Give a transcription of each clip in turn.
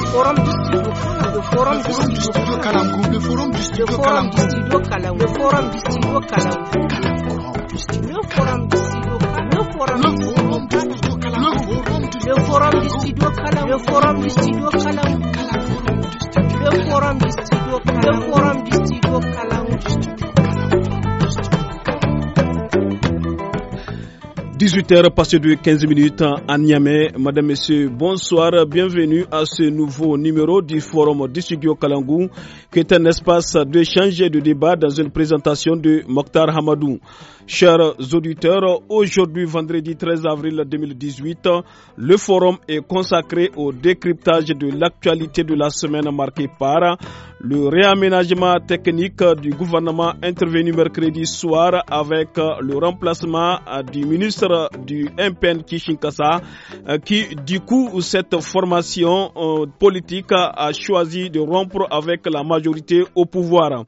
le forum du studio le forum du studio Kalamgou le forum du studio Kalamgou le forum du studio Kalamgou le forum du studio Kalamgou le forum du studio Kalamgou le forum du studio Kalamgou le forum du studio Kalamgou le forum du studio Kalamgou le forum forum forum forum forum forum forum forum forum forum forum forum forum forum forum forum forum du studio Kalamgou 18h passé de 15 minutes à Niamey. Madame, Messieurs, bonsoir. Bienvenue à ce nouveau numéro du Forum du Kalangou, qui est un espace d'échange et de débat dans une présentation de Mokhtar Hamadou. Chers auditeurs, aujourd'hui vendredi 13 avril 2018, le forum est consacré au décryptage de l'actualité de la semaine marquée par le réaménagement technique du gouvernement intervenu mercredi soir avec le remplacement du ministre du MPN Kishinkasa qui du coup cette formation euh, politique a choisi de rompre avec la majorité au pouvoir.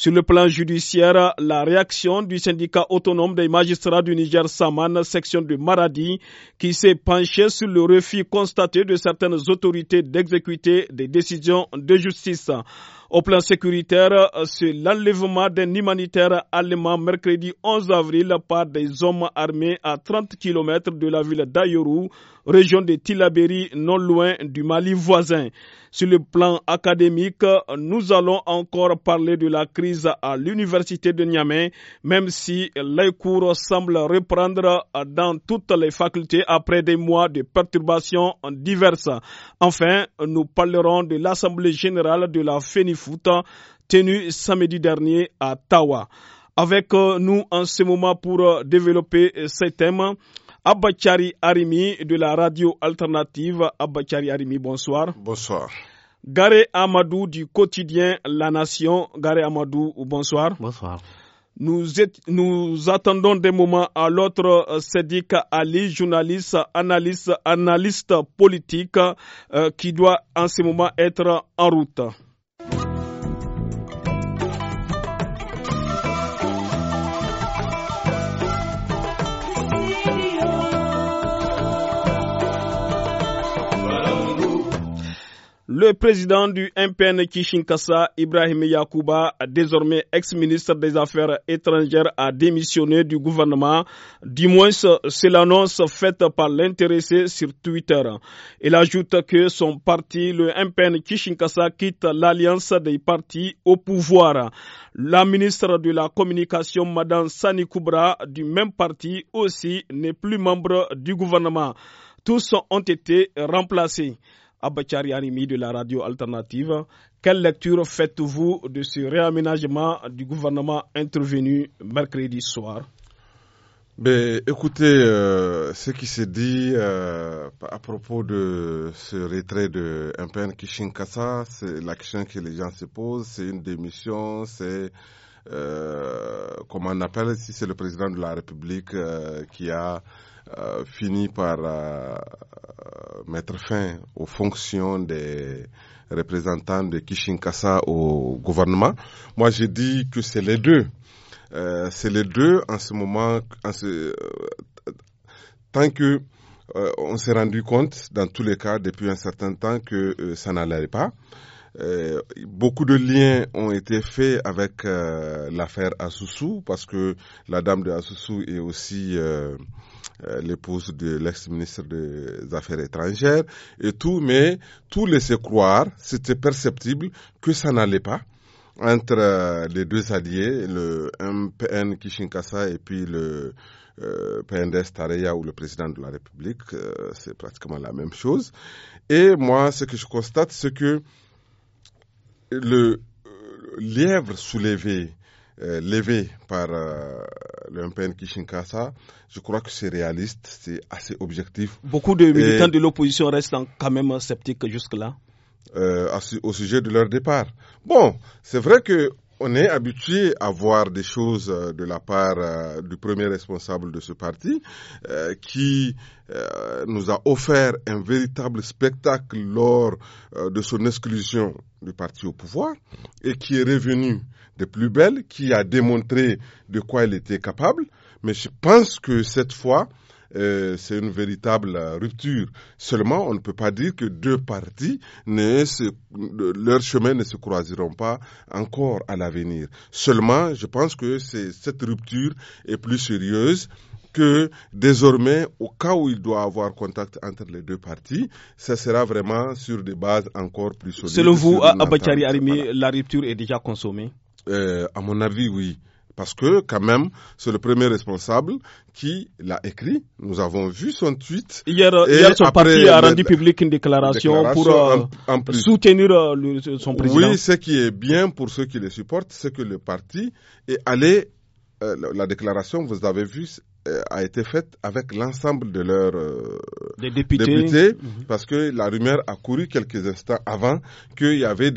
Sur le plan judiciaire, la réaction du syndicat autonome des magistrats du Niger Saman, section de Maradi, qui s'est penchée sur le refus constaté de certaines autorités d'exécuter des décisions de justice. Au plan sécuritaire, c'est l'enlèvement d'un humanitaire allemand mercredi 11 avril par des hommes armés à 30 km de la ville d'Ayoru, région de Tilaberi, non loin du Mali voisin. Sur le plan académique, nous allons encore parler de la crise à l'université de Niamey, même si les cours semblent reprendre dans toutes les facultés après des mois de perturbations diverses. Enfin, nous parlerons de l'Assemblée générale de la FENIF Tenu tenu samedi dernier à Tawa. Avec euh, nous en ce moment pour euh, développer euh, ces thème, Abachari Arimi de la radio alternative. Abachari Arimi, bonsoir. Bonsoir. Garé Amadou du quotidien La Nation. Garé Amadou, bonsoir. Bonsoir. Nous, attendons des moments à l'autre Sédic Ali, journaliste, analyste, analyste politique, qui doit en ce moment être en route. Le président du MPN Kishinkasa, Ibrahim Yakuba, désormais ex-ministre des Affaires étrangères, a démissionné du gouvernement. Du moins, c'est l'annonce faite par l'intéressé sur Twitter. Il ajoute que son parti, le MPN Kishinkasa, quitte l'alliance des partis au pouvoir. La ministre de la Communication, Madame Sani Koubra, du même parti aussi, n'est plus membre du gouvernement. Tous ont été remplacés. Abachari Animi de la radio alternative. Quelle lecture faites-vous de ce réaménagement du gouvernement intervenu mercredi soir ben, écoutez, euh, ce qui s'est dit euh, à propos de ce retrait de MPN Kishinkasa, c'est l'action que les gens se posent, c'est une démission, c'est, euh, comment on appelle, si c'est le président de la République euh, qui a fini euh, finit par euh, mettre fin aux fonctions des représentants de Kishinkasa au gouvernement. Moi, j'ai dit que c'est les deux. Euh, c'est les deux en ce moment, en ce, tant que on s'est rendu compte, dans tous les cas, depuis un certain temps, que ça n'allait pas. Euh, beaucoup de liens ont été faits avec euh, l'affaire Assoussou parce que la dame de Assoussou est aussi euh, euh, l'épouse de l'ex-ministre des Affaires étrangères et tout, mais tout laissait croire, c'était perceptible que ça n'allait pas entre les deux alliés, le MPN Kishinkasa et puis le euh, PNDS Tareya ou le président de la République, c'est pratiquement la même chose. Et moi, ce que je constate, c'est que le euh, lièvre soulevé, euh, levé par euh, le MPN Kishinkasa, je crois que c'est réaliste, c'est assez objectif. Beaucoup de militants de l'opposition restent quand même sceptiques jusque-là. au sujet de leur départ. Bon, c'est vrai que on est habitué à voir des choses euh, de la part euh, du premier responsable de ce parti euh, qui nous a offert un véritable spectacle lors de son exclusion du parti au pouvoir et qui est revenu de plus belle, qui a démontré de quoi il était capable. Mais je pense que cette fois, c'est une véritable rupture. Seulement, on ne peut pas dire que deux parties, leur chemin leurs chemins ne se croiseront pas encore à l'avenir. Seulement, je pense que cette rupture est plus sérieuse que désormais, au cas où il doit avoir contact entre les deux parties, ça sera vraiment sur des bases encore plus solides. Selon vous, Abachari Arimi, la rupture est déjà consommée euh, À mon avis, oui. Parce que quand même, c'est le premier responsable qui l'a écrit. Nous avons vu son tweet. Hier, hier son parti a rendu public une déclaration, pour soutenir son président. Oui, ce qui est bien pour ceux qui le supportent, c'est que le parti est allé euh, la déclaration, vous avez vu, euh, a été faite avec l'ensemble de leurs euh, députés, mhm. parce que la rumeur a couru quelques instants avant qu'il y avait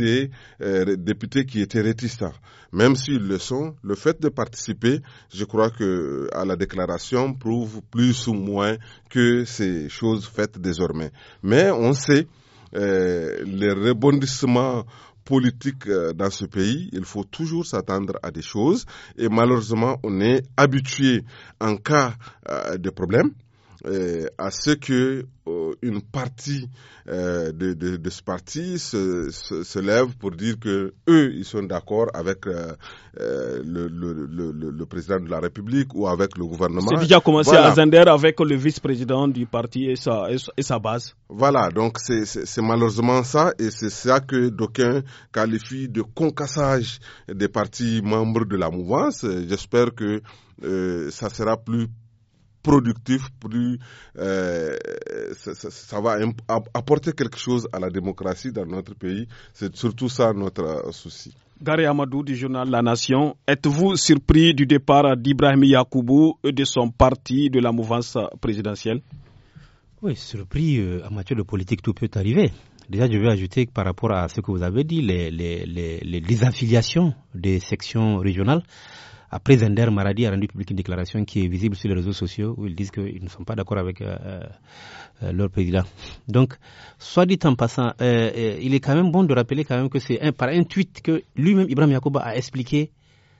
euh, des députés qui étaient réticents. Même s'ils le sont, le fait de participer, je crois que à la déclaration prouve plus ou moins que ces choses faites désormais. Mais on sait euh, les rebondissements politique euh, dans ce pays, il faut toujours s'attendre à des choses et malheureusement on est habitué en cas euh, de problème euh, à ce que euh, une partie euh, de, de, de, ce parti se, se, se, lève pour dire que eux ils sont d'accord avec euh, le, le, le, le, président de la République ou avec le gouvernement. C'est déjà commencé à Zander avec le vice-président du parti et sa, et sa base. Voilà, donc c'est malheureusement ça et c'est ça que d'aucuns qualifient de concassage des partis membres de la mouvance. J'espère que euh, ça sera plus productif, plus euh, ça, va apporter quelque chose à la démocratie dans notre pays. C'est surtout ça notre euh, souci. Gary Amadou du journal La Nation, êtes-vous surpris du départ d'Ibrahim Yacoubou et de son parti de la mouvance présidentielle Oui, surpris. Euh, en matière de politique, tout peut arriver. Déjà, je veux ajouter que par rapport à ce que vous avez dit, les, les, les, les affiliations des sections régionales, après, Zender Maradi a rendu publique une déclaration qui est visible sur les réseaux sociaux où ils disent qu'ils ne sont pas d'accord avec euh, euh, leur président. Donc, soit dit en passant, euh, il est quand même bon de rappeler quand même que c'est par un tweet que lui-même, Ibrahim Yacouba, a expliqué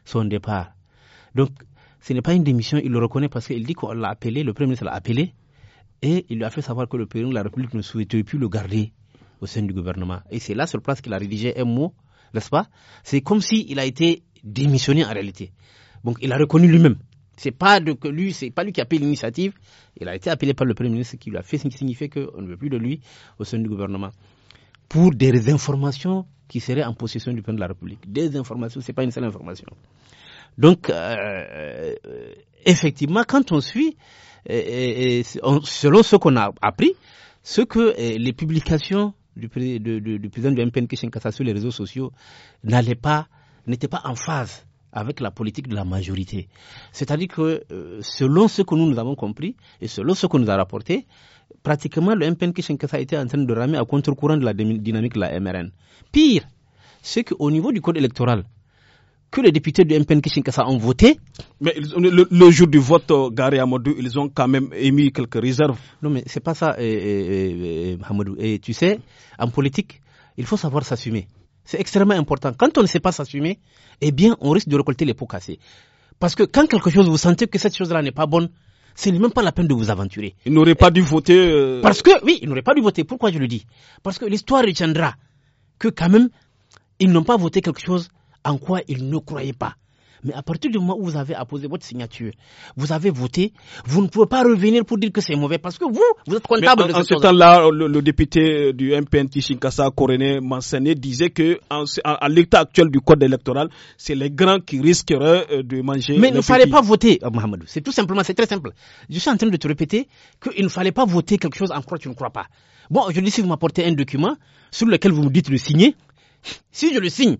son départ. Donc, ce n'est pas une démission, il le reconnaît parce qu'il dit qu'on l'a appelé, le Premier ministre l'a appelé, et il lui a fait savoir que le président de la République ne souhaitait plus le garder au sein du gouvernement. Et c'est là sur place qu'il a rédigé un mot, n'est-ce pas C'est comme s'il a été démissionné en réalité. Donc il a reconnu lui-même. C'est pas de, que lui, c'est pas lui qui a pris l'initiative. Il a été appelé par le premier ministre qui lui a fait signifier qu'on ne veut plus de lui au sein du gouvernement pour des informations qui seraient en possession du président de la République. Des informations, c'est pas une seule information. Donc euh, euh, effectivement, quand on suit, euh, selon ce qu'on a appris, ce que les publications du, président du MPN sur les réseaux sociaux n'allaient pas, n'étaient pas en phase avec la politique de la majorité. C'est-à-dire que euh, selon ce que nous, nous avons compris et selon ce qu'on nous a rapporté, pratiquement le MPN Kishinkasa était en train de ramer à contre-courant de la dynamique de la MRN. Pire, c'est qu'au niveau du code électoral, que les députés du MPN Kishinkasa ont voté. Mais le, jour du vote, euh, Gary Hamadou, ils ont quand même émis quelques réserves. Non, mais c'est pas ça, Et tu sais, en politique, il faut savoir s'assumer. C'est extrêmement important. Quand on ne sait pas s'assumer, eh bien, on risque de récolter les pots cassés. Parce que quand quelque chose, vous sentez que cette chose-là n'est pas bonne, ce n'est même pas la peine de vous aventurer. Ils n'auraient pas dû voter. Euh, Parce que, oui, ils n'auraient pas dû voter. Pourquoi je le dis Parce que l'histoire retiendra que quand même, ils n'ont pas voté quelque chose en quoi ils ne croyaient pas. Mais à partir du moment où vous avez apposé votre signature, vous avez voté, vous ne pouvez pas revenir pour dire que c'est mauvais parce que vous, vous êtes comptable de en, de ce En ce temps-là, le, député du MPNT Shinkasa Korené Mansené disait que l'état actuel du code électoral, c'est les grands qui risqueraient euh, de manger. Mais il ne fallait pas voter, euh, Mohamedou. C'est tout simplement, c'est très simple. Je suis en train de te répéter qu'il ne fallait pas voter quelque chose en quoi tu ne crois pas. Bon, aujourd'hui, si vous m'apportez un document sur lequel vous me dites le signer, si je le signe,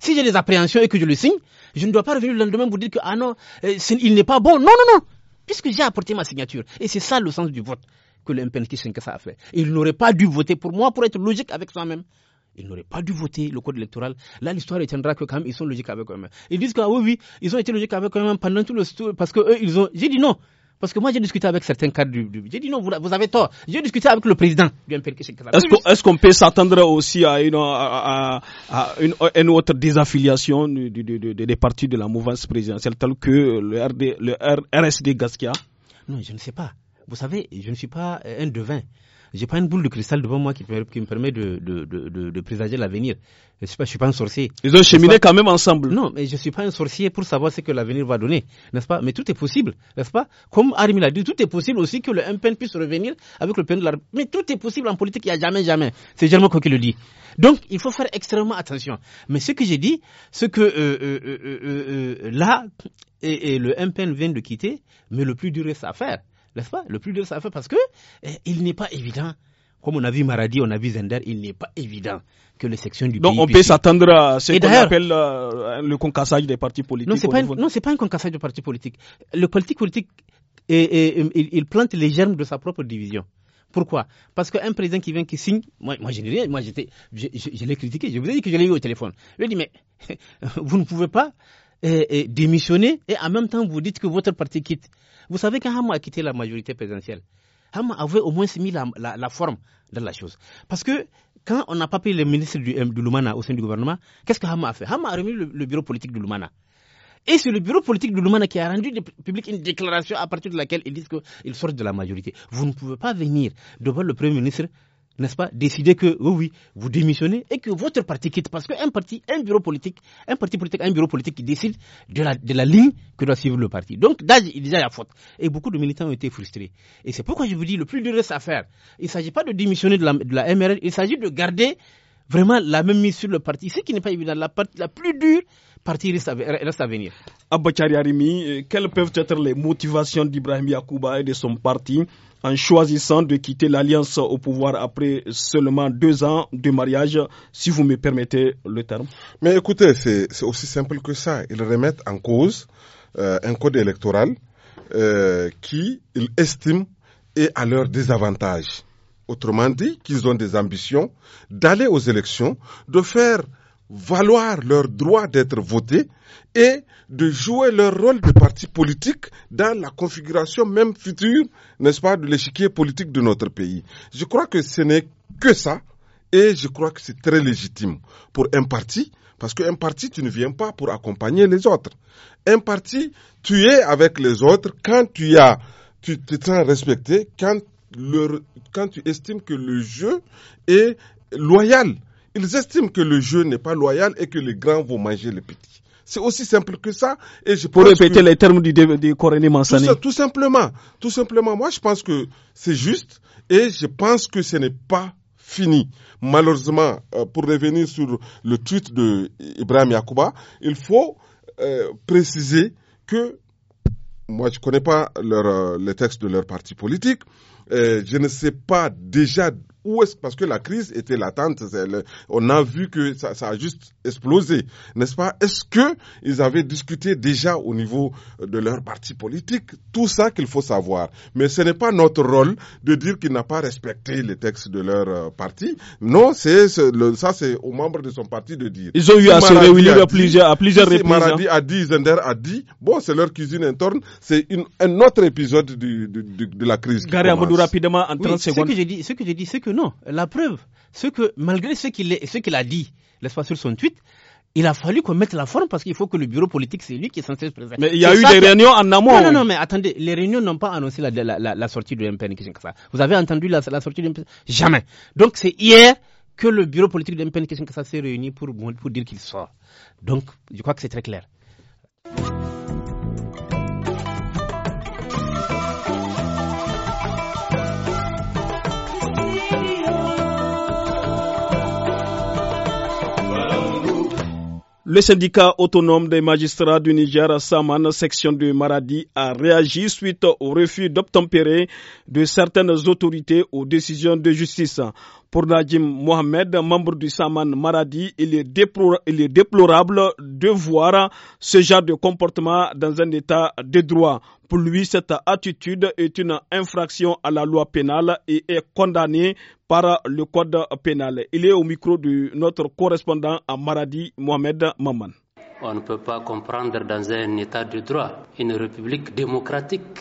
si j'ai des appréhensions et que je le signe, je ne dois pas revenir le lendemain pour dire que, ah non, euh, il n'est pas bon. Non, non, non. Puisque j'ai apporté ma signature. Et c'est ça le sens du vote que le MPNK a fait. Il n'aurait pas dû voter pour moi pour être logique avec soi-même. Ils n'auraient pas dû voter le code électoral. Là, l'histoire retiendra que quand même, ils sont logiques avec eux-mêmes. Ils disent que, ah oui, oui, ils ont été logiques avec eux-mêmes pendant tout le... Parce que eux, ils ont... J'ai dit non. Parce que moi, j'ai discuté avec certains cadres du, J'ai dit non, vous, avez tort. J'ai discuté avec le président du Est-ce qu'on peut s'attendre aussi à une, autre désaffiliation des partis de la mouvance présidentielle, telle que le, RD, le RSD Gaskia Non, je ne sais pas. Vous savez, je ne suis pas un devin. J'ai pas une boule de cristal devant moi qui, me permet de, de, de, de présager l'avenir. Je suis pas, suis pas un sorcier. Ils ont cheminé quand même ensemble. Non, mais je suis pas un sorcier pour savoir ce que l'avenir va donner, n'est-ce pas Mais tout est possible, n'est-ce pas Comme Armin l'a dit, tout est possible aussi que le MPN puisse revenir avec le PN de la. Mais tout est possible en politique, il n'y a jamais, jamais. C'est Germain qui le dit. Donc, il faut faire extrêmement attention. Mais ce que j'ai dit, ce que euh euh euh, euh, euh, euh, là, et, le MPN vient de quitter, mais le plus dur est à faire n'est-ce pas Le plus dur, ça fait parce que eh, il n'est pas évident. Comme on a vu Maradi, on a vu Zender, il n'est pas évident que les sections du pays. Donc on peut s'attendre à ce qu'on appelle euh, le concassage des partis politiques. Non, ce n'est pas, un concassage des partis politiques. Le politique politique, il, plante les germes de sa propre division. Pourquoi Parce qu'un président qui vient, qui signe, moi, moi je rien, moi j'étais, je, l'ai critiqué, je vous ai dit que je l'ai eu au téléphone. Je lui ai dit, mais vous ne pouvez pas et, et démissionner et en même temps vous dites que votre parti quitte. Vous savez quand Hama a quitté la majorité présidentielle, Hama avait au moins mis la, la, forme dans la chose. Parce que quand on n'a pas pris le ministre du, euh, de Lumana au sein du gouvernement, qu'est-ce que Hama a fait Hama a remis le, bureau politique de Lumana. Et c'est le bureau politique de Lumana qui a rendu public une déclaration à partir de laquelle ils disent qu'ils sortent de la majorité. Vous ne pouvez pas venir devant le Premier ministre n'est-ce pas, décider que oh oui, vous démissionnez et que votre parti quitte. Parce qu'un parti, un bureau politique, un parti politique, un bureau politique qui décide de la, de la ligne que doit suivre le parti. Donc, déjà il y a la faute. Et beaucoup de militants ont été frustrés. Et c'est pourquoi je vous dis, le plus dur, à faire. Il ne s'agit pas de démissionner de la, de la MRL, il s'agit de garder vraiment la même mise sur le parti, ce qui n'est pas évident. La la plus dure, partie reste à, venir. Abbachari Arimi, euh, quelles peuvent être les motivations d'Ibrahim Yacouba et de son parti en choisissant de quitter l'alliance au pouvoir après seulement deux ans de mariage, si vous me permettez le terme Mais écoutez, c'est aussi simple que ça. Ils remettent en cause euh, un code électoral euh, qui, ils estiment, est à leur désavantage. Autrement dit, qu'ils ont des ambitions d'aller aux élections, de faire valoir leur droit d'être votés et de jouer leur rôle de parti politique dans la configuration même future, n'est-ce pas, de l'échiquier politique de notre pays. Je crois que ce n'est que ça et je crois que c'est très légitime pour un parti parce qu'un parti, tu ne viens pas pour accompagner les autres. Un parti, tu es avec les autres quand tu as, tu te sens respecté, quand leur, quand tu estimes que le jeu est loyal, ils estiment que le jeu n'est pas loyal et que les grands vont manger les petits. C'est aussi simple que ça. Et je Pour répéter les termes du, du Coréné Mansani Tout, simplement. Tout simplement. Moi, je pense que c'est juste et je pense que ce n'est pas fini. Malheureusement, euh, pour revenir sur le tweet de Ibrahim Yacouba, il faut euh, préciser que moi, je connais pas leur, euh, les textes de leur parti politique. Euh, je ne sais pas déjà où est-ce parce que la crise était latente, on a vu que ça, ça a juste explosé, n'est-ce pas Est-ce que ils avaient discuté déjà au niveau de leur parti politique tout ça qu'il faut savoir Mais ce n'est pas notre rôle de dire qu'il n'a pas respecté les textes de leur euh, parti. Non, c'est ça c'est aux membres de son parti de dire. Ils ont eu à se réunir à plusieurs à plusieurs Maradi hein. a dit, Zender a dit, bon, c'est leur cuisine interne, c'est un autre épisode du, de la crise. Gary Amadou rapidement en 30 secondes. Ce que j'ai dit, ce que j'ai dit, c'est que non. La preuve, ce que malgré ce qu'il a dit, l'espace sur son tweet, il a fallu qu'on mette la forme parce qu'il faut que le bureau politique, c'est lui qui est censé se présenter. Mais il y a eu des réunions en amont. Non, non, non, mais attendez, les réunions n'ont pas annoncé la, sortie de MPN Vous avez entendu la, sortie de MPN Jamais. Donc c'est hier que le bureau politique de MPN s'est réuni pour dire qu'il sort. Donc je crois que c'est très clair. Le syndicat autonome des magistrats du Niger, Saman, section du Maradi, a réagi suite au refus d'obtempérer de certaines autorités aux décisions de justice. Pour Nadim Mohamed, membre du Saman Maradi, il il est déplorable de voir ce genre de comportement dans un état de droit. Pour lui, cette attitude est une infraction à la loi pénale et est condamnée par le code pénal. Il est au micro de notre correspondant à Maradi, Mohamed Maman. On ne peut pas comprendre dans un état de droit une république démocratique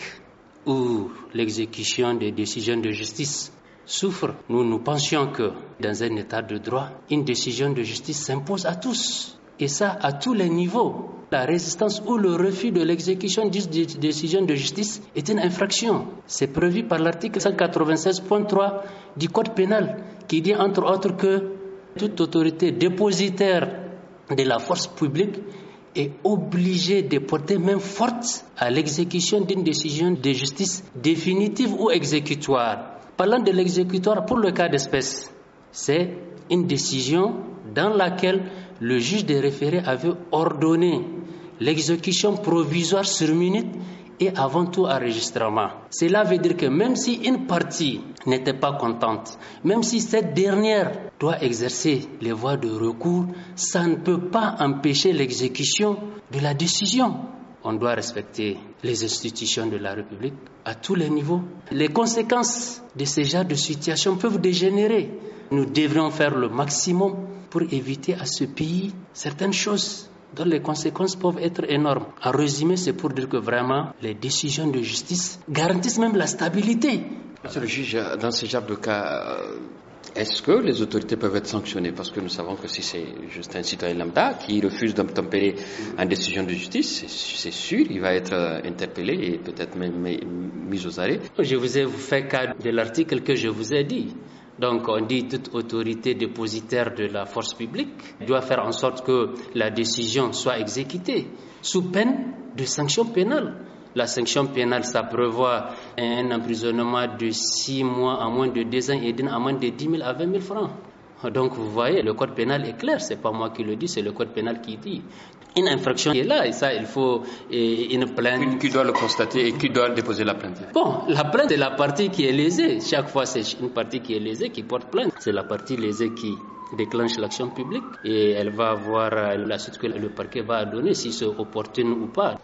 où l'exécution des décisions de justice souffre. Nous, nous pensions que dans un état de droit, une décision de justice s'impose à tous. Et ça, à tous les niveaux. La résistance ou le refus de l'exécution d'une décision de justice est une infraction. C'est prévu par l'article 196.3 du Code pénal qui dit entre autres que toute autorité dépositaire de la force publique est obligée de porter main forte à l'exécution d'une décision de justice définitive ou exécutoire. Parlant de l'exécutoire pour le cas d'espèce, c'est une décision dans laquelle le juge des référés avait ordonné l'exécution provisoire sur minute et avant tout enregistrement. Cela veut dire que même si une partie n'était pas contente, même si cette dernière doit exercer les voies de recours, ça ne peut pas empêcher l'exécution de la décision. On doit respecter les institutions de la République à tous les niveaux. Les conséquences de ce genre de situation peuvent dégénérer. Nous devrions faire le maximum pour éviter à ce pays certaines choses dont les conséquences peuvent être énormes. En résumé, c'est pour dire que vraiment, les décisions de justice garantissent même la stabilité. Monsieur le juge, dans ce genre de cas, euh, est-ce que les autorités peuvent être sanctionnées Parce que nous savons que si c'est juste un citoyen lambda qui refuse d'obtempérer une décision de justice, c'est sûr, il va être euh, interpellé et peut-être même mis aux arrêts. Je vous ai fait cas de l'article que je vous ai dit. Donc on dit toute autorité dépositaire de la force publique doit faire en sorte que la décision soit exécutée sous peine de sanction pénale. La sanction pénale, ça prévoit un emprisonnement de 6 mois à moins de 2 ans et d'une moins de 10 000 à 20 000 francs. Donc vous voyez, le code pénal est clair, Ce n'est pas moi qui le dis, c'est le code pénal qui dit une infraction est là et ça, il faut une plainte. Qui doit le constater et qui doit déposer la plainte Bon, la plainte, c'est la partie qui est lésée. Chaque fois, c'est une partie qui est lésée qui porte plainte. C'est la partie lésée qui déclenche l'action publique et elle va voir euh, la suite que le parquet va donner, si c'est opportun ou pas.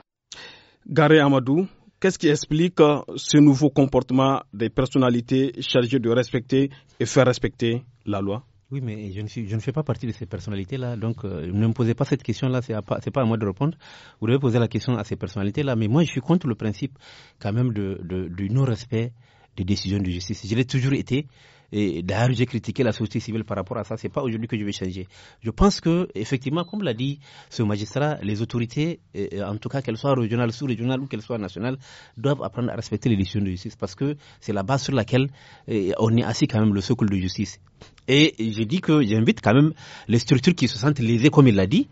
Garé Amadou, Qu'est-ce qui explique euh, ce nouveau comportement des personnalités chargées de respecter et faire respecter la loi oui, mais je ne, suis, je ne fais pas partie de ces personnalités-là, donc euh, ne me posez pas cette question-là, C'est n'est pas, pas à moi de répondre. Vous devez poser la question à ces personnalités-là, mais moi je suis contre le principe quand même de, de, du non-respect des décisions de justice. Je l'ai toujours été. Et d'ailleurs, j'ai critiqué la société civile par rapport à ça. C'est pas aujourd'hui que je vais changer. Je pense que, effectivement, comme l'a dit ce magistrat, les autorités, euh, euh, en tout cas qu'elles soient régionales, sous-régionales ou qu'elles soient nationales, doivent apprendre à respecter les décisions de justice parce que c'est la base sur laquelle euh, on est assis quand même le socle de justice. Et je dis que j'invite quand même les structures qui se sentent lésées, comme il l'a dit,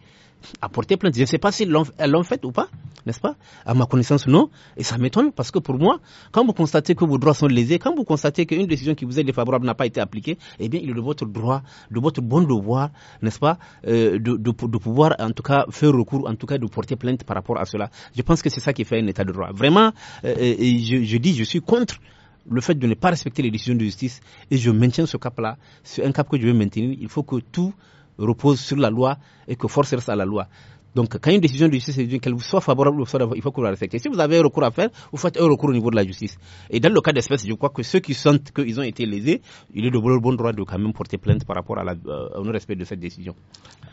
à porter plainte. Je ne sais pas si elles euh, l'ont fait ou pas, n'est-ce pas À ma connaissance, non. Et ça m'étonne parce que pour moi, quand vous constatez que vos droits sont lésés, quand vous constatez qu'une décision qui vous est défavorable n'a pas été appliquée, eh bien, il est de votre droit, de votre bon devoir, n'est-ce pas, euh, de, pouvoir en tout cas faire recours, en tout cas de porter plainte par rapport à cela. Je pense que c'est ça qui fait un état de droit. Vraiment, euh, je, je dis, je suis contre le fait de ne pas respecter les décisions de justice et je maintiens ce cap-là. C'est un cap que je veux maintenir. Il faut que tout repose sur la loi et que force reste à la loi. Donc, quand une décision de justice est donnée, qu'elle vous soit favorable ou soit il faut que vous la respectiez. Si vous avez un recours à faire, vous faites un recours au niveau de la justice. Et dans le cas d'espèce, je crois que ceux qui sentent qu'ils ont été lésés, il est de bon droit de quand même porter plainte par rapport à la, euh, au respect de cette décision.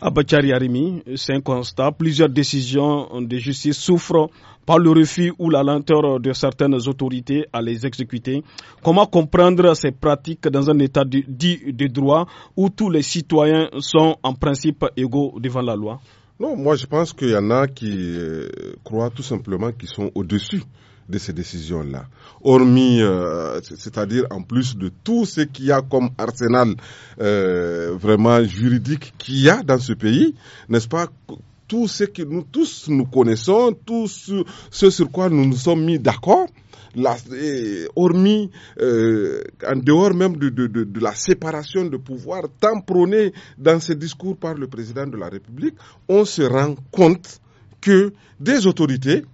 Abachari Arimi, c'est un constat. Plusieurs décisions de justice souffrent par le refus ou la lenteur de certaines autorités à les exécuter. Comment comprendre ces pratiques dans un état dit de droit où tous les citoyens sont en principe égaux devant la loi non, moi je pense qu'il y en a qui euh, croient tout simplement qu'ils sont au-dessus de ces décisions-là. Hormis, euh, c'est-à-dire en plus de tout ce qu'il y a comme arsenal euh, vraiment juridique qu'il y a dans ce pays, n'est-ce pas Tout ce que nous tous nous connaissons, tout ce sur quoi nous nous sommes mis d'accord, eh, hormis euh, en dehors même de, de, de, la séparation de pouvoir tant prônée dans ces discours par le président de la République, on se rend compte que des autorités,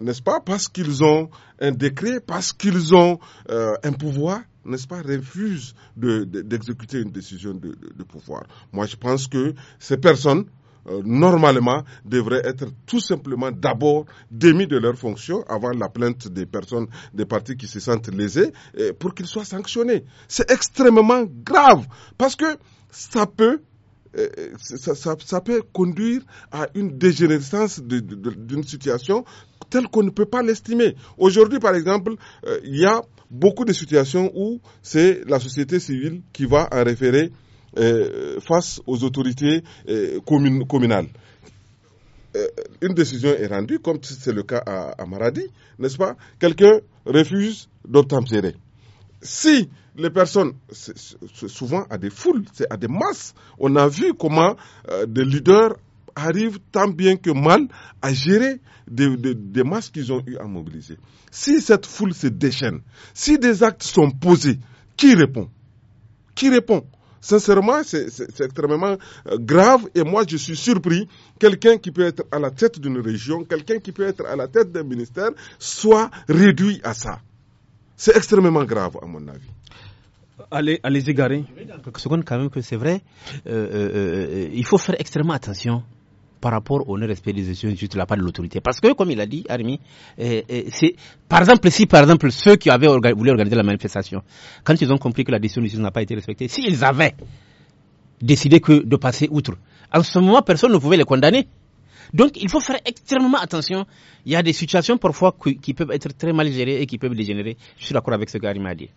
n'est-ce pas, parce qu'ils ont un décret, parce qu'ils ont euh, un pouvoir, n'est-ce pas, refusent d'exécuter une décision de pouvoir. Moi, je pense que ces personnes euh, normalement, devraient être tout simplement d'abord démis de leurs fonction avant la plainte des personnes, des partis qui se sentent lésés, et pour qu'ils soient sanctionnés. C'est extrêmement grave parce que ça peut euh, ça, ça, ça, peut conduire à une dégénérescence d'une situation telle qu'on ne peut pas l'estimer. Aujourd'hui, par exemple, euh, il y a beaucoup de situations où c'est la société civile qui va en référer euh, face aux autorités euh, communales euh, une décision est rendue, comme c'est le cas à, Maradi, n'est-ce pas Quelqu'un refuse d'obtempérer. Si les personnes, souvent à des foules, c'est à des masses, on a vu comment des leaders arrivent tant bien que mal à gérer des, des masses qu'ils ont eu à mobiliser. Si cette foule se déchaîne, si des actes sont posés, qui répond Qui répond Sincèrement, c'est extrêmement euh, grave et moi je suis surpris. Quelqu'un qui peut être à la tête d'une région, quelqu'un qui peut être à la tête d'un ministère, soit réduit à ça. C'est extrêmement grave à mon avis. Allez, allez égarer. Quelques secondes quand même que c'est vrai. Euh, euh, il faut faire extrêmement attention par rapport au non-respect des décisions juste de la part de l'autorité. Parce que, comme il a dit, Armi, euh, euh, c'est, par exemple, si, par exemple, ceux qui avaient voulu organiser la manifestation, quand ils ont compris que la décision n'a pas été respectée, s'ils avaient décidé que de passer outre, en ce moment, personne ne pouvait les condamner. Donc, il faut faire extrêmement attention. Il y a des situations parfois qui, peuvent être très mal gérées et qui peuvent dégénérer. Je suis d'accord avec ce qu'Armi a dit.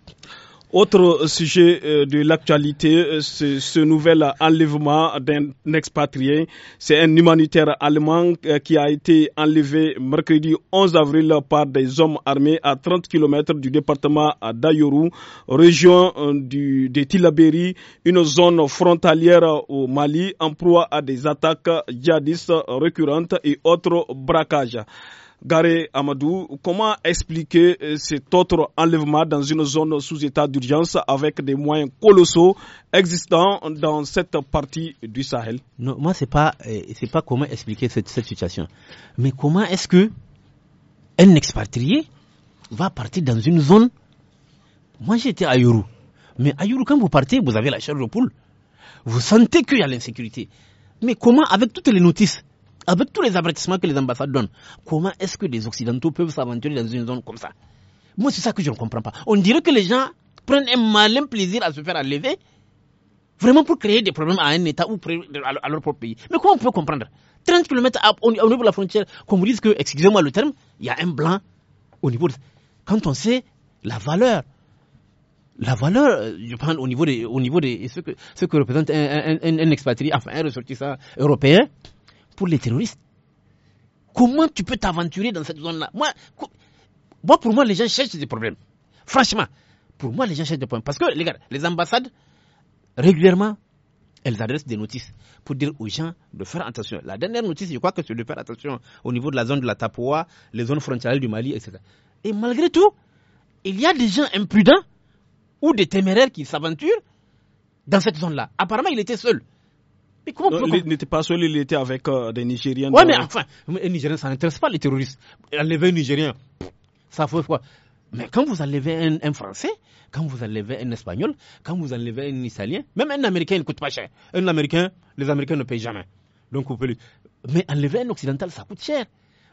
Autre sujet euh, de l'actualité, euh, c'est ce nouvel enlèvement d'un expatrié. C'est un humanitaire allemand euh, qui a été enlevé mercredi 11 avril par des hommes armés à 30 km du département d'Ayoru, région de Tilaberi, une zone frontalière au Mali en proie à des attaques djihadistes récurrentes et autres braquages. Garé Amadou, comment expliquer euh, cet autre enlèvement dans une zone sous état d'urgence avec des moyens colossaux existants dans cette partie du Sahel moi c'est pas euh, pas comment expliquer cette, situation, mais comment est-ce que un expatrié va partir dans une zone Moi j'étais à Yoru, mais à Yoru, quand vous partez, vous avez la chair de poule, vous sentez qu'il y a l'insécurité. Mais comment avec toutes les notices avec tous les avertissements que les ambassades donnent, comment est-ce que les Occidentaux peuvent s'aventurer dans une zone comme ça Moi, c'est ça que je ne comprends pas. On dirait que les gens prennent un malin plaisir à se faire enlever, vraiment pour créer des problèmes à un État ou à leur propre pays. Mais comment on peut comprendre 30 km au niveau de la frontière, qu'on vous dise que, excusez-moi le terme, il y a un blanc au niveau de... Quand on sait la valeur, la valeur, euh, je parle au niveau de, au niveau de ce, que, ce que représente un, un expatrié, enfin un ressortissant européen, pour les terroristes. Comment tu peux t'aventurer dans cette zone-là moi, pour moi, les gens cherchent des problèmes. Franchement, pour moi, les gens cherchent des problèmes. Parce que, les gars les ambassades, régulièrement, elles adressent des notices pour dire aux gens de faire attention. La dernière notice, je crois que c'est de faire attention au niveau de la zone de la Tapoa, les zones frontalières du Mali, etc. Et malgré tout, il y a des gens imprudents ou des téméraires qui s'aventurent dans cette zone-là. Apparemment, il était seul. Mais comment, euh, il n'était pas seul, il était avec euh, des Nigériens. Ouais, mais enfin, les Nigériens, ça n'intéresse pas les terroristes. Enlever un Nigérien, ça fait quoi Mais quand vous enlevez un, Français, quand vous enlevez un Espagnol, quand vous enlevez un Italien, même un Américain, il ne coûte pas cher. Un Américain, les Américains ne payent jamais. Donc, vous pouvez Mais enlever un Occidental, ça coûte cher.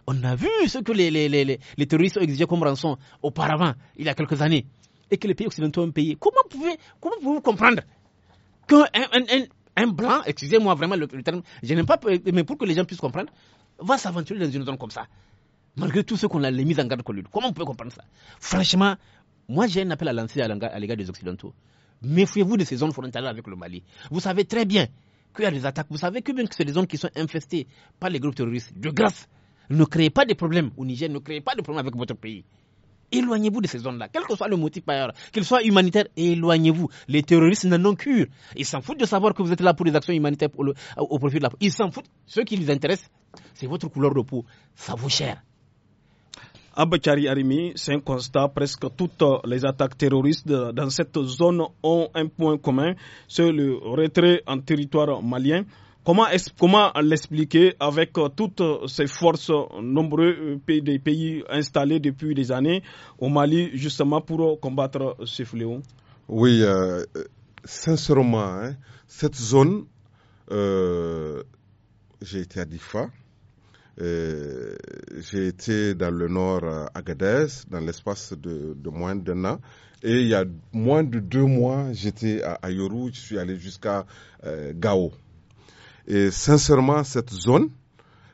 On a vu ce que les, les, terroristes ont exigé comme rançon auparavant, il y a quelques années, et que les pays occidentaux ont payé. Comment pouvez-vous comment pouvez comprendre qu'un un, un blanc, excusez-moi vraiment le, terme, je n'aime pas, mais pour que les gens puissent comprendre, va s'aventurer dans une zone comme ça. Malgré tout ce qu'on a mis en garde contre Comment on peut comprendre ça Franchement, moi j'ai un appel à lancer à l'égard des Occidentaux. Méfiez-vous de ces zones frontalières avec le Mali. Vous savez très bien qu'il y a des attaques. Vous savez que bien que sont des zones qui sont infestées par les groupes terroristes. De grâce, ne créez pas de problèmes au Niger, ne créez pas de problèmes avec votre pays. Éloignez-vous de ces zones-là, quel que soit le motif ailleurs, qu'il soit humanitaire, éloignez-vous. Les terroristes n'en ont cure. Ils s'en foutent de savoir que vous êtes là pour des actions humanitaires au profit de la Ils s'en foutent. Ce qui les intéresse, c'est votre couleur de peau. Ça vous cher. Abachari Arimi, c'est un constat, presque toutes euh, les attaques terroristes euh, dans cette zone ont un point commun, c'est le retrait en territoire malien. Comment, comment l'expliquer avec euh, toutes euh, ces forces, euh, nombreuses des pays installés depuis des années au Mali, justement pour combattre ce fléau Oui, sincèrement, hein, cette zone, j'ai été à Difa, j'ai été dans le nord à Agadez, dans l'espace de, de, moins d'un an. Et il y a moins de deux mois, j'étais à Ayoru, je suis allé jusqu'à Gao. Et sincèrement, cette zone,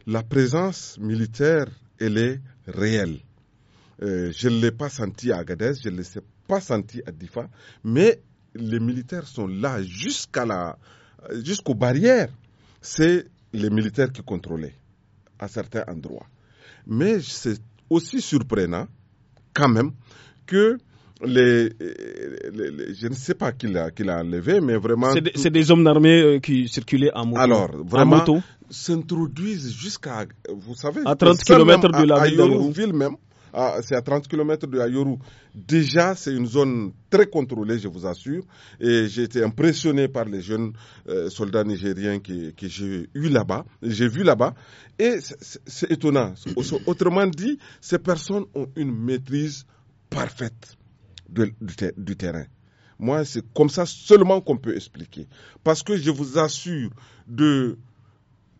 la présence militaire, elle est réelle. Euh, je ne l'ai pas senti à Agadez, je ne l'ai pas senti à Difa, mais les militaires sont là jusqu'à jusqu'aux barrières. C'est les militaires qui contrôlaient à certains endroits. Mais c'est aussi surprenant, quand même, que je ne sais pas qui l'a, qui l'a enlevé, mais vraiment. C'est des hommes d'armée euh, qui circulaient en moto. Alors, vraiment, s'introduisent jusqu'à, vous savez, à 30 km de la ville, même. C'est à 30 km de Ayuru. Déjà, c'est une zone très contrôlée, je vous assure. Et j'ai été impressionné par les jeunes euh, soldats nigériens que, que j'ai eu là-bas, j'ai vu là-bas. Et c'est étonnant. Autrement dit, ces personnes ont une maîtrise parfaite du, terrain. Moi, c'est comme ça seulement qu'on peut expliquer. Parce que je vous assure, de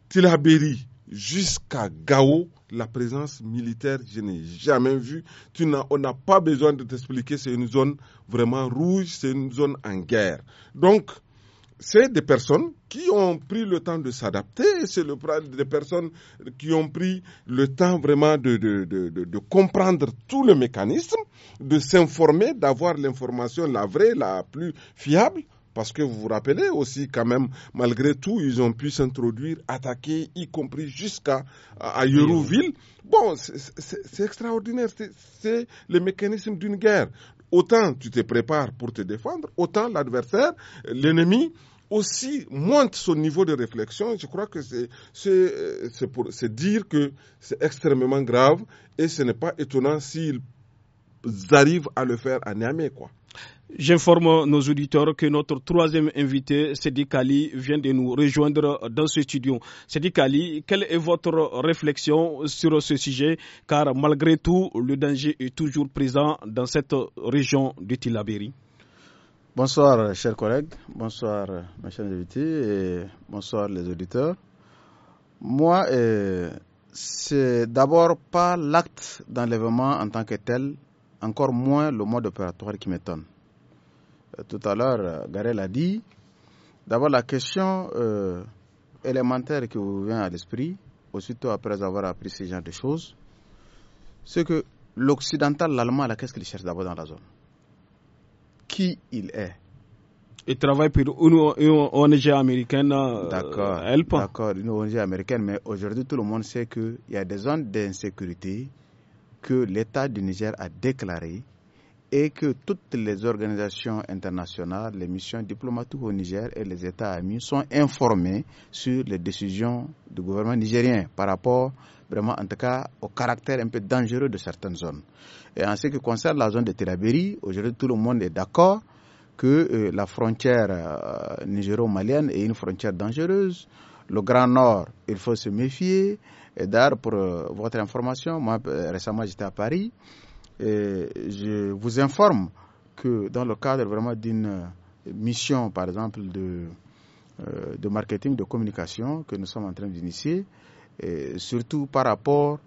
Tilaberi jusqu'à Gao, la présence militaire, je n'ai jamais vu. on n'a pas besoin de t'expliquer, c'est une zone vraiment rouge, c'est une zone en guerre. Donc, c'est des personnes qui ont pris le temps de s'adapter, c'est le des personnes qui ont pris le temps vraiment de, de, de, comprendre tout le mécanisme, de s'informer, d'avoir l'information la vraie, la plus fiable. Parce que vous vous rappelez aussi quand même, malgré tout, ils ont pu s'introduire, attaquer, y compris jusqu'à à, Yerouville. Bon, c'est extraordinaire, c'est le mécanisme d'une guerre autant tu te prépares pour te défendre, autant l'adversaire, l'ennemi, aussi monte son niveau de réflexion. Je crois que c'est pour dire que c'est extrêmement grave et ce n'est pas étonnant s'ils arrivent à le faire à Niamey, quoi. J'informe nos auditeurs que notre troisième invité, Sedi Kali, vient de nous rejoindre dans ce studio. Sedi Kali, quelle est votre réflexion sur ce sujet Car malgré tout, le danger est toujours présent dans cette région de Tilaberi. Bonsoir, chers collègues. Bonsoir, mes chers invités. bonsoir, les auditeurs. Moi, euh, c'est d'abord pas l'acte d'enlèvement en tant que tel encore moins le mode opératoire qui m'étonne. Euh, tout à l'heure, euh, Garel a dit, d'abord la question euh, élémentaire qui vous vient à l'esprit, aussitôt après avoir appris ce genre de choses, c'est que l'occidental, l'allemand, qu'est-ce qu'il cherche d'abord dans la zone Qui il est Il travaille pour une, ONG américaine. D'accord. d'accord, une ONG américaine, mais aujourd'hui tout le monde sait qu'il y a des zones d'insécurité que l'État du Niger a déclaré et que toutes les organisations internationales, les missions diplomatiques au Niger et les États amis sont informés sur les décisions du gouvernement nigérien par rapport vraiment en tout cas au caractère un peu dangereux de certaines zones. Et en ce qui concerne la zone de Tirabéry, aujourd'hui tout le monde est d'accord que euh, la frontière euh, nigéro-malienne est une frontière dangereuse. Le Grand Nord, il faut se méfier. Et d'ailleurs, pour euh, votre information, moi, euh, récemment, j'étais à Paris. Et je vous informe que dans le cadre vraiment d'une euh, mission, par exemple, de, de marketing, de communication que nous sommes en train d'initier, surtout par rapport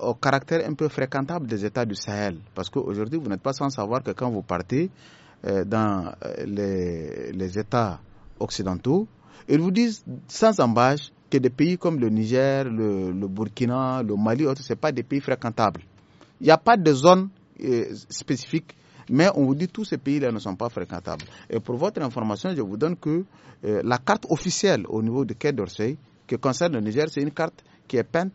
au caractère un peu fréquentable des États du Sahel. Parce qu'aujourd'hui, vous n'êtes pas sans savoir que quand vous partez dans les, les États occidentaux, ils vous disent sans embâche que des pays comme le Niger, le, Burkina, le Mali, autres, ce pas des pays fréquentables. Il n'y a pas de zone euh, spécifique, mais on vous dit que tous ces pays-là ne sont pas fréquentables. Et pour votre information, je vous donne que euh, la carte officielle au niveau du Quai d'Orsay, qui concerne le Niger, c'est une carte qui est peinte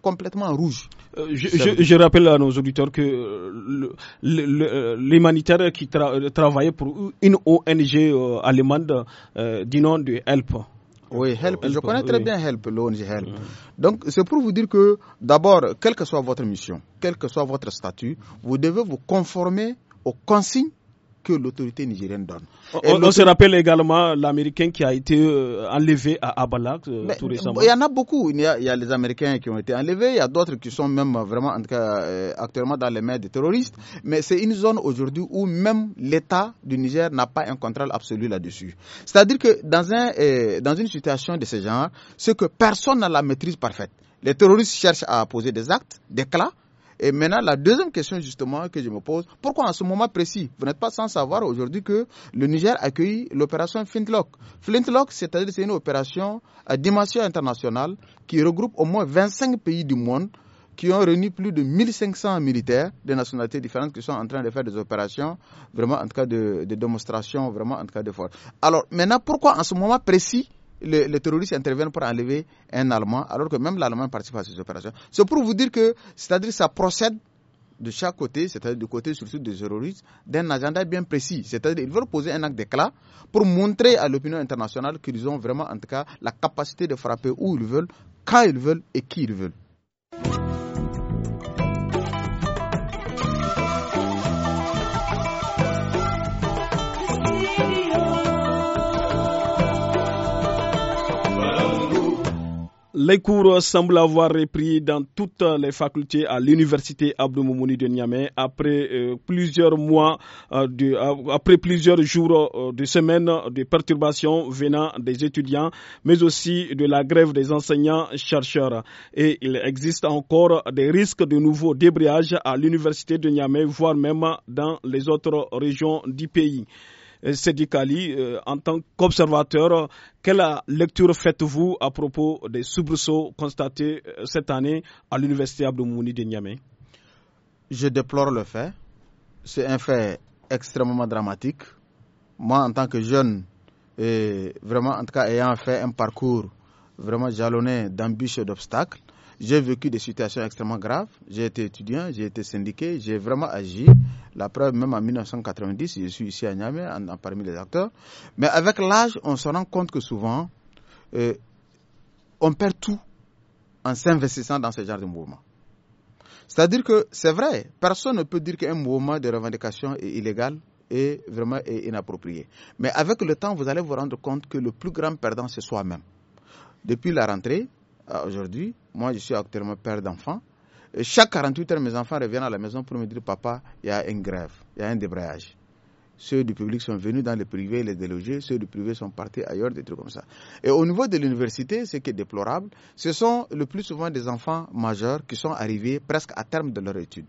complètement rouge. Euh, je, rappelle à nos auditeurs que l'humanitaire qui travaillait pour une ONG allemande du nom de HELP oui, euh, help. Je connais très bien help, l'ONG help. Donc, c'est pour vous dire que, d'abord, quelle que soit votre mission, quel que soit votre statut, vous devez vous conformer aux consignes que l'autorité nigérienne donne. On, se rappelle également l'Américain qui a été euh, enlevé à Abalak euh, tout récemment. Il y en a beaucoup. Il y a, les Américains qui ont été enlevés. Il y a d'autres qui sont même vraiment, en euh, actuellement dans les mains des terroristes. Mais c'est une zone aujourd'hui où même l'État du Niger n'a pas un contrôle absolu là-dessus. C'est-à-dire que dans, un, dans une situation de ce genre, c'est que personne n'a la maîtrise parfaite. Les terroristes cherchent à poser des actes, des clats, et maintenant, la deuxième question justement que je me pose, pourquoi en ce moment précis Vous n'êtes pas sans savoir aujourd'hui que le Niger accueille l'opération Flintlock. Flintlock, c'est-à-dire c'est une opération à dimension internationale qui regroupe au moins 25 pays du monde qui ont réuni plus de 1500 militaires de nationalités différentes qui sont en train de faire des opérations, vraiment en tout cas de, de démonstrations, vraiment en tout cas de force. Alors maintenant, pourquoi en ce moment précis les, terroristes interviennent pour enlever un Allemand, alors que même l'Allemand participe à ces opérations. C'est pour vous dire que, c'est-à-dire, ça procède de chaque côté, c'est-à-dire du côté surtout des terroristes, d'un agenda bien précis. C'est-à-dire qu'ils veulent poser un acte d'éclat pour montrer à l'opinion internationale qu'ils ont vraiment, en tout cas, la capacité de frapper où ils veulent, quand ils veulent et qui ils veulent. Les cours semblent avoir repris dans toutes les facultés à l'université Abdou Moumouni de Niamey après euh, plusieurs mois, euh, euh, après plusieurs jours de semaines de perturbations venant des étudiants, mais aussi de la grève des enseignants-chercheurs. Et il existe encore des risques de nouveaux débrayages à l'université de Niamey, voire même dans les autres régions du pays. Euh, Sédicali, euh, en tant qu'observateur, quelle lecture faites-vous à propos des soubresauts constatés euh, cette année à l'université Abdoumouni de Niamey Je déplore le fait. C'est un fait extrêmement dramatique. Moi, en tant que jeune, et vraiment, en tout cas, ayant fait un parcours vraiment jalonné d'embûches et d'obstacles, j'ai vécu des situations extrêmement graves. J'ai été étudiant, j'ai été syndiqué, j'ai vraiment agi. La preuve, même en 1990, je suis ici à Niamey, parmi les acteurs. Mais avec l'âge, on se rend compte que souvent, euh, on perd tout en s'investissant dans ce genre de mouvement. C'est-à-dire que c'est vrai, personne ne peut dire qu'un mouvement de revendication est illégal et vraiment inapproprié. Mais avec le temps, vous allez vous rendre compte que le plus grand perdant, c'est soi-même. Depuis la rentrée, euh, aujourd'hui, moi je suis actuellement père d'enfants. Chaque 48 heures, mes enfants reviennent à la maison pour me dire Papa, il y a une grève, il y a un débrayage. Ceux du public sont venus dans le privé les délogés, ceux du privé sont partis ailleurs, des trucs comme ça. Et au niveau de l'université, ce qui est déplorable, ce sont le plus souvent des enfants majeurs qui sont arrivés presque à terme de leur étude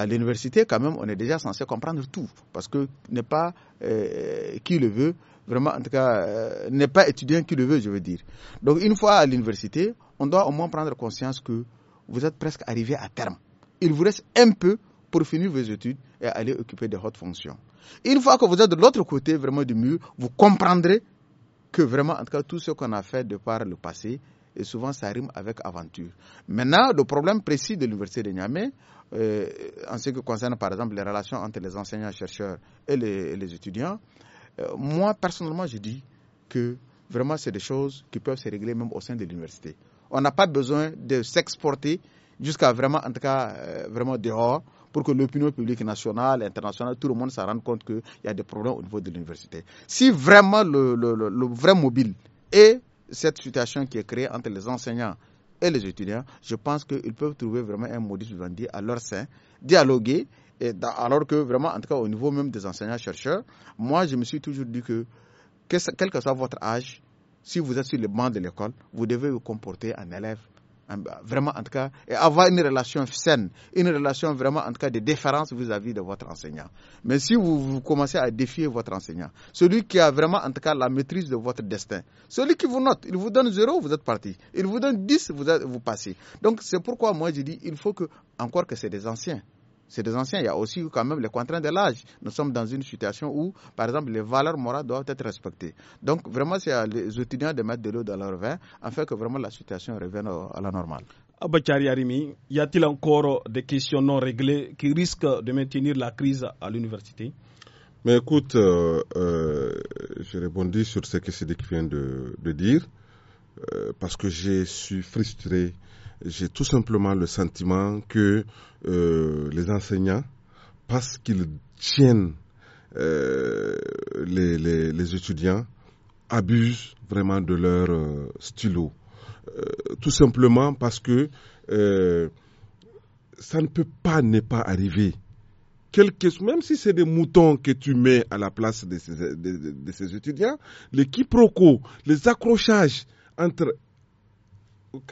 à l'université, quand même, on est déjà censé comprendre tout. Parce que n'est pas euh, qui le veut, Vraiment, en tout cas, euh, n'est pas étudiant qui le veut, je veux dire. Donc, une fois à l'université, on doit au moins prendre conscience que vous êtes presque arrivé à terme. Il vous reste un peu pour finir vos études et aller occuper de hautes fonctions. Une fois que vous êtes de l'autre côté vraiment du mur, vous comprendrez que vraiment, en tout cas, tout ce qu'on a fait de par le passé, et souvent ça rime avec aventure. Maintenant, le problème précis de l'université de Niamey, euh, en ce qui concerne par exemple les relations entre les enseignants-chercheurs et les étudiants, euh, moi, personnellement, je dis que vraiment, c'est des choses qui peuvent se régler même au sein de l'université. On n'a pas besoin de s'exporter jusqu'à vraiment, en tout cas, euh, vraiment dehors pour que l'opinion publique nationale, internationale, tout le monde s'en rende compte qu'il y a des problèmes au niveau de l'université. Si vraiment le, le, le vrai mobile est cette situation qui est créée entre les enseignants et les étudiants, je pense qu'ils peuvent trouver vraiment un modus vivendi à leur sein, dialoguer et alors que vraiment, en tout cas, au niveau même des enseignants-chercheurs, moi, je me suis toujours dit que, quel que soit votre âge, si vous êtes sur le banc de l'école, vous devez vous comporter en élève. vraiment, en tout cas, et avoir une relation saine, une relation vraiment, en tout cas, de déférence vis-à-vis de votre enseignant. Mais si vous, commencez à défier votre enseignant, celui qui a vraiment, en tout cas, la maîtrise de votre destin, celui qui vous note, il vous donne zéro, vous êtes parti. Il vous donne dix, vous, vous passez. Donc, c'est pourquoi moi, je dis, il faut que, encore que c'est des anciens, c'est des anciens. Il y a aussi quand même les contraintes de l'âge. Nous sommes dans une situation où, par exemple, les valeurs morales doivent être respectées. Donc, vraiment, c'est les étudiants de mettre de l'eau dans leur vin afin que vraiment la situation revienne à la normale. Abachari Arimi, y a-t-il encore des questions non réglées qui risquent de maintenir la crise à l'université Mais écoute, euh, euh, je répondis sur ce que Sidique vient de, dire, euh, parce que j'ai suis frustré j'ai tout simplement le sentiment que euh, les enseignants, parce qu'ils tiennent euh, les, les, étudiants, abusent vraiment de leur euh, stylo. tout simplement parce que ça ne peut pas ne pas arriver. Quelque, même si c'est des moutons que tu mets à la place de de ces étudiants, les quiproquos, les accrochages entre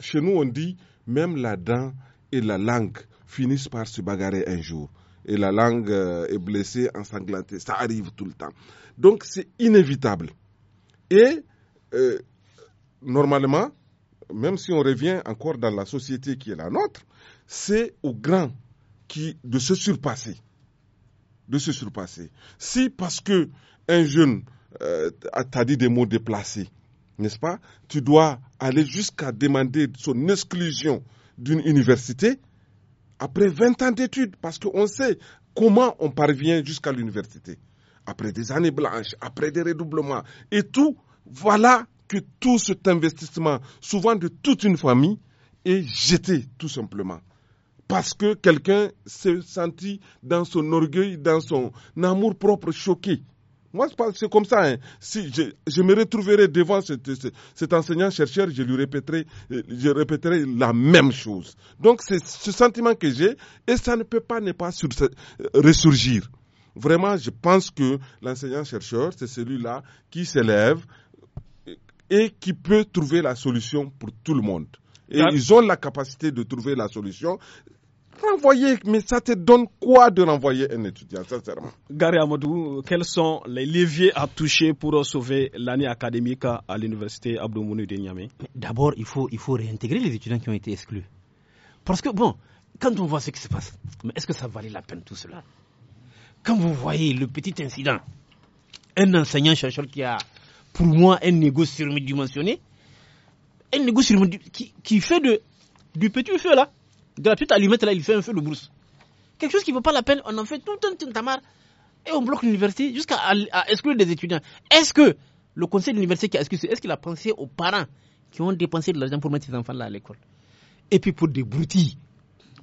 chez nous on dit même la dent et la langue finissent par se bagarrer un jour. Et la langue euh, est blessée, ensanglantée. Ça arrive tout le temps. Donc c'est inévitable. Et euh, normalement, même si on revient encore dans la société qui est la nôtre, c'est au grand de se surpasser. De se surpasser. Si parce que un jeune euh, a t'a dit des mots déplacés, n'est-ce pas Tu dois aller jusqu'à demander son exclusion d'une université après 20 ans d'études, parce qu'on sait comment on parvient jusqu'à l'université. Après des années blanches, après des redoublements, et tout, voilà que tout cet investissement, souvent de toute une famille, est jeté tout simplement. Parce que quelqu'un s'est senti dans son orgueil, dans son amour propre choqué. Moi, c'est comme ça. Hein. Si je, me retrouverai devant cet, enseignant-chercheur, je lui répéterai, euh, je répéterai la même chose. Donc, c'est ce sentiment que j'ai et ça ne peut pas ne pas euh, ressurgir. Vraiment, je pense que l'enseignant-chercheur, c'est celui-là qui s'élève euh, et qui peut trouver la solution pour tout le monde. Et ils ont la capacité de trouver la solution renvoyer, mais ça te donne quoi de renvoyer un étudiant, sincèrement Gary Amadou, quels sont les leviers à toucher pour sauver l'année académique à l'université Abdou de Niamey D'abord, il faut, il faut réintégrer les étudiants qui ont été exclus. Parce que, bon, quand on voit ce qui se passe, mais est-ce que ça valait la peine tout cela Quand vous voyez le petit incident, un enseignant-chercheur qui a, pour moi, un négocié surdimensionné, un négoci qui, qui fait de, du petit feu là, de la lui mettre là, il fait un feu de brousse. Quelque chose qui ne vaut pas la peine, on en fait tout un tintamarre et on bloque l'université jusqu'à exclure des étudiants. Est-ce que le conseil de l'université qui a exclu, est-ce qu'il a pensé aux parents qui ont dépensé de l'argent pour mettre ses enfants là à l'école Et puis pour des broutilles.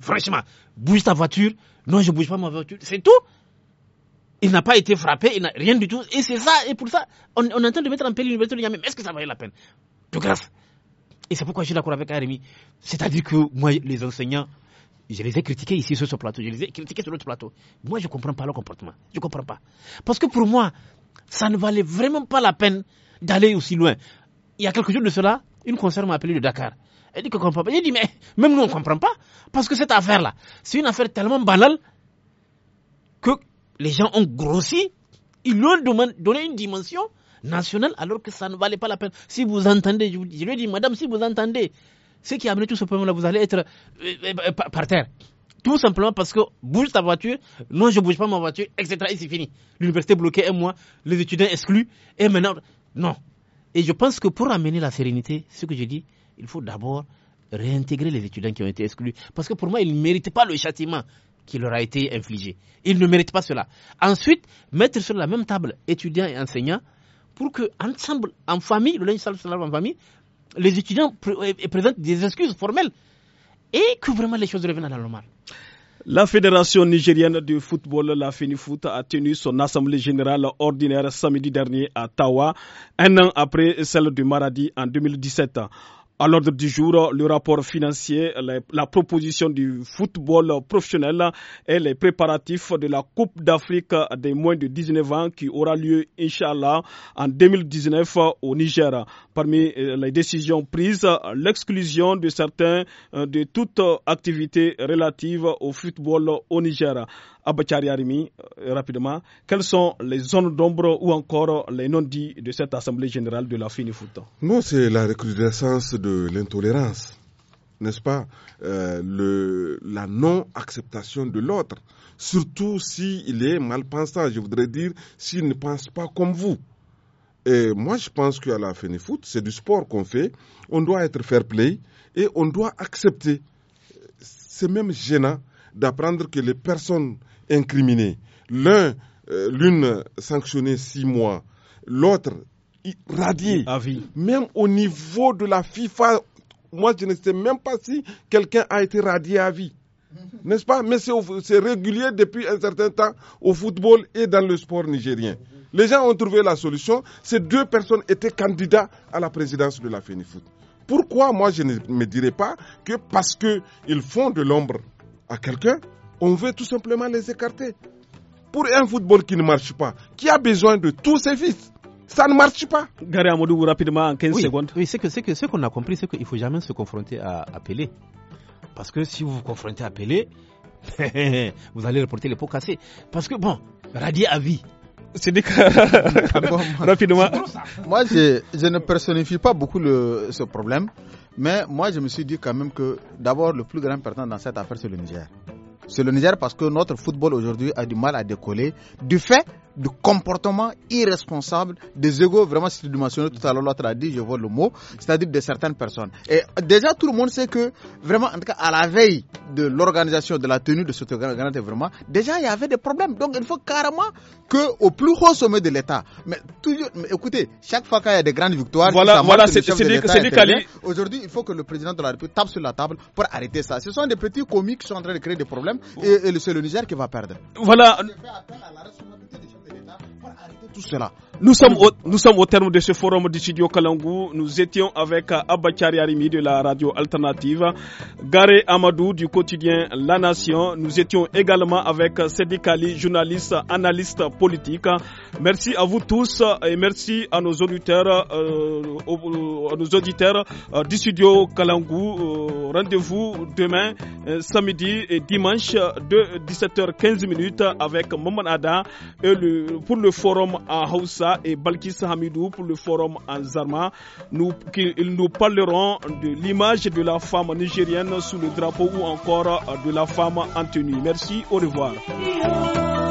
Franchement, bouge ta voiture. Non, je ne bouge pas ma voiture. C'est tout. Il n'a pas été frappé, il n'a rien du tout. Et c'est ça, et pour ça, on, on train de mettre en paix l'université de Est-ce que ça valait la peine De grâce. Et c'est pourquoi je suis d'accord avec Arémi. C'est-à-dire que moi, les enseignants, je les ai critiqués ici sur ce plateau, je les ai critiqués sur l'autre plateau. Moi, je ne comprends pas leur comportement. Je ne comprends pas. Parce que pour moi, ça ne valait vraiment pas la peine d'aller aussi loin. Il y a quelques jours de cela, une concerne m'a appelé de Dakar. Elle dit que comprend pas. J'ai dit, mais même nous, on ne comprend pas. Parce que cette affaire-là, c'est une affaire tellement banale que les gens ont grossi. Ils lui ont donné une dimension nationale alors que ça ne valait pas la peine. Si vous entendez, je, lui ai dit, madame, si vous entendez ce qui a amené tout ce problème-là, vous allez être euh, euh, bah, par terre. Tout simplement parce que bouge ta voiture, non, je bouge pas ma voiture, etc. Et c'est fini. L'université bloquée un mois, les étudiants exclus, et maintenant, non. Et je pense que pour amener la sérénité, ce que je dis, il faut d'abord réintégrer les étudiants qui ont été exclus. Parce que pour moi, ils ne méritent pas le châtiment qui leur a été infligé. Ils ne méritent pas cela. Ensuite, mettre sur la même table étudiants et enseignants pour que ensemble, en famille, le en famille, les étudiants euh, présentent des excuses formelles et que vraiment les choses reviennent à la normale. La Fédération nigérienne du football, la FENIFOOT, a tenu son assemblée générale ordinaire samedi dernier à Tawa, un an après celle du Maradi en 2017. À l'ordre du jour, le rapport financier, la proposition du football professionnel et les préparatifs de la Coupe d'Afrique des moins de 19 ans qui aura lieu, Inch'Allah, en 2019 au Niger. Parmi euh, les décisions prises, l'exclusion de certains euh, de toute activité relative au football au Niger. Abachari Arimi, euh, rapidement, quelles sont les zones d'ombre ou encore les non-dits de cette Assemblée générale de la FINIFOOT Non, c'est la recrudescence de l'intolérance, n'est-ce pas euh, le, La non-acceptation de l'autre, surtout s'il est mal pensant, je voudrais dire, s'il ne pense pas comme vous. Et moi, je pense qu'à la foot, c'est du sport qu'on fait, on doit être fair-play et on doit accepter. C'est même gênant d'apprendre que les personnes incriminés. L'un, euh, l'une sanctionné six mois, l'autre radié. À vie. Ah même au niveau de la FIFA, moi je ne sais même pas si quelqu'un a été radié à vie. N'est-ce pas Mais c'est régulier depuis un certain temps au football et dans le sport nigérien. Les gens ont trouvé la solution. Ces deux personnes étaient candidats à la présidence de la FENIFOOT. Pourquoi moi je ne me dirais pas que parce qu'ils font de l'ombre à quelqu'un, on veut tout simplement les écarter. Pour un football qui ne marche pas, qui a besoin de tous ses fils, ça ne marche pas. Gary Amadou, rapidement, en 15 secondes. Oui, c'est que, ce qu'on a compris, c'est qu'il ne faut jamais se confronter à, à Parce que si vous vous confrontez à Pelé, vous allez reporter les pots cassés. Parce que, bon, radier à vie. C'est des ah rapidement. Moi, je, ne personnifie pas beaucoup ce problème. Mais moi, je me suis dit quand même que d'abord, le plus grand perdant dans cette affaire, c'est le Niger c'est le Niger parce que notre football aujourd'hui a du mal à décoller du fait de comportement irresponsable des égaux vraiment si tu mentionnes Tout à l'heure, l'autre a dit, je vois le mot, c'est-à-dire de certaines personnes. Et déjà, tout le monde sait que, vraiment, en tout cas, à la veille de l'organisation, de la tenue de ce grand événement, déjà, il y avait des problèmes. Donc, il faut carrément au plus haut sommet de l'État, mais toujours, écoutez, chaque fois qu'il y a des grandes victoires, voilà, voilà, c'est Aujourd'hui, il faut que le président de la République tape sur la table pour arrêter ça. Ce sont des petits comiques qui sont en train de créer des problèmes et, c'est le Niger qui va perdre. Voilà. Je fais appel à la responsabilité cerita Nous sommes, au, nous sommes au terme de ce forum du studio Kalangou. Nous étions avec Abba Arimi de la radio alternative, Garé Amadou du quotidien La Nation. Nous étions également avec Sedi Kali, journaliste, analyste politique. Merci à vous tous et merci à nos auditeurs, euh, à nos auditeurs euh, du studio Kalangou. Euh, rendez-vous demain, samedi et dimanche de 17h15 avec Maman Ada et le, pour le forum à Hausa et Balkis Hamidou pour le forum en Zarma. Nous, ils nous parleront de l'image de la femme nigérienne sous le drapeau ou encore de la femme en Merci, au revoir.